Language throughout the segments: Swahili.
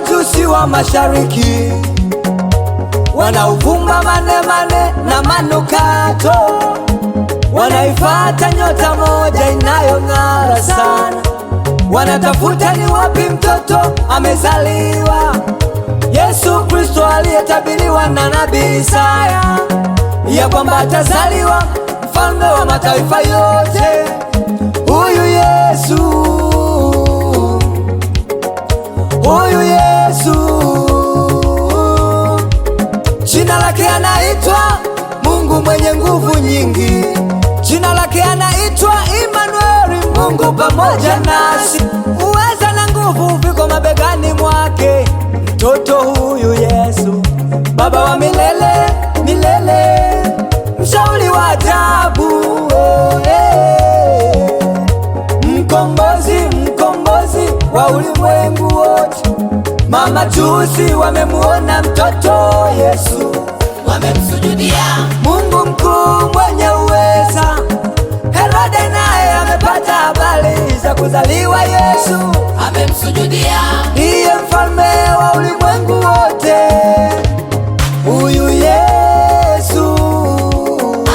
majusi wa mashariki wanaovumba manemane na manukato, wanaifata nyota moja inayong'ara sana, wanatafuta ni wapi mtoto amezaliwa. Yesu Kristo aliyetabiriwa na nabii Isaya ya kwamba atazaliwa mfalme wa mataifa yote, huyu Yesu lake anaitwa Mungu mwenye nguvu nyingi, jina lake anaitwa Imanueli, Mungu pamoja nasi. Uweza na nguvu viko mabegani mwake, mtoto huyu Yesu, Baba wa milele milele, mshauri wa ajabu oh, eh, hey. Eh. mkombozi, mkombozi wa ulimwengu wote. Mamajusi wamemuona mtoto Yesu wamemsujudia. Mungu mkuu mwenye uweza. Herode naye amepata habari za kuzaliwa Yesu, amemsujudia. Iye mfalme wa ulimwengu wote, huyu Yesu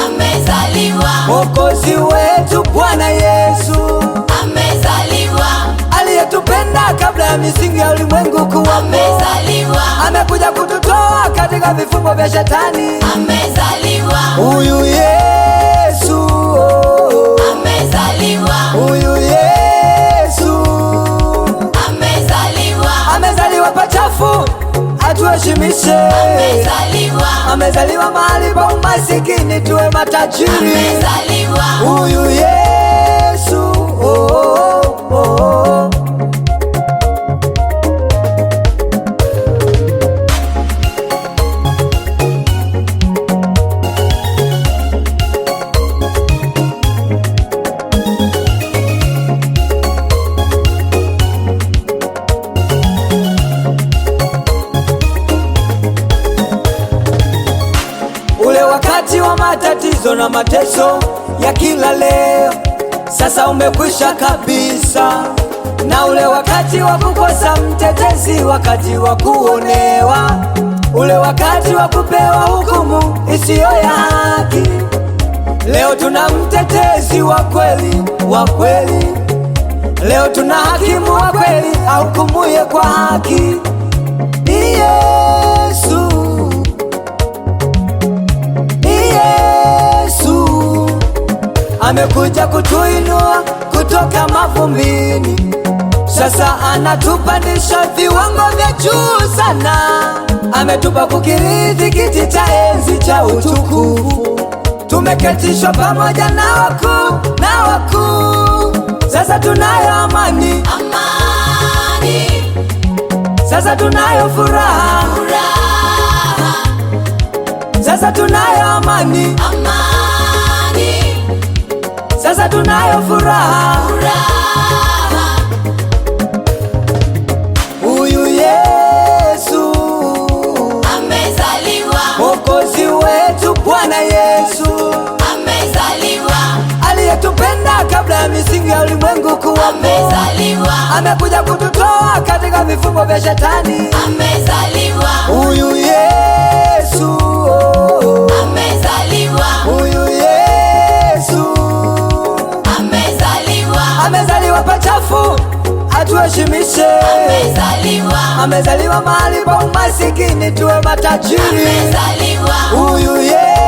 amezaliwa. Mwokozi wetu Bwana Yesu amezaliwa, aliyetupenda kabla ya misingi ya ulimwengu kuwa amezaliwa, amekuja kutu kutoka vifumo vya shetani. Amezaliwa huyu Yesu, amezaliwa huyu Yesu, amezaliwa, amezaliwa pachafu atuheshimishe, amezaliwa, amezaliwa mahali pa umasikini tuwe matajiri, amezaliwa huyu Yesu oh. oh, oh. wa matatizo na mateso ya kila leo sasa umekwisha kabisa, na ule wakati wa kukosa mtetezi, wakati wa kuonewa, ule wakati wa kupewa hukumu isiyo ya haki. Leo tuna mtetezi wa kweli, wa kweli. Leo tuna hakimu wa kweli, ahukumuye kwa haki. amekuja kutuinua kutoka mavumbini, sasa anatupandisha viwango vya juu sana. Ametupa kukirithi kiti cha enzi cha utukufu, tumeketishwa pamoja na wakuu na wakuu. Sasa tunayo amani, amani. Sasa tunayo furaha, furaha. Sasa tunayo amani, amani sasa tunayo furaha, huyu Yesu amezaliwa, Mwokozi wetu Bwana Yesu amezaliwa, aliyetupenda kabla ya misingi ya ulimwengu kuwamo, amekuja kututoa katika vifungo vya Shetani, amezaliwa huyu Yesu mchafu atuheshimishe. Amezaliwa, amezaliwa mahali pa umasikini tuwe matajiri. Huyu yeye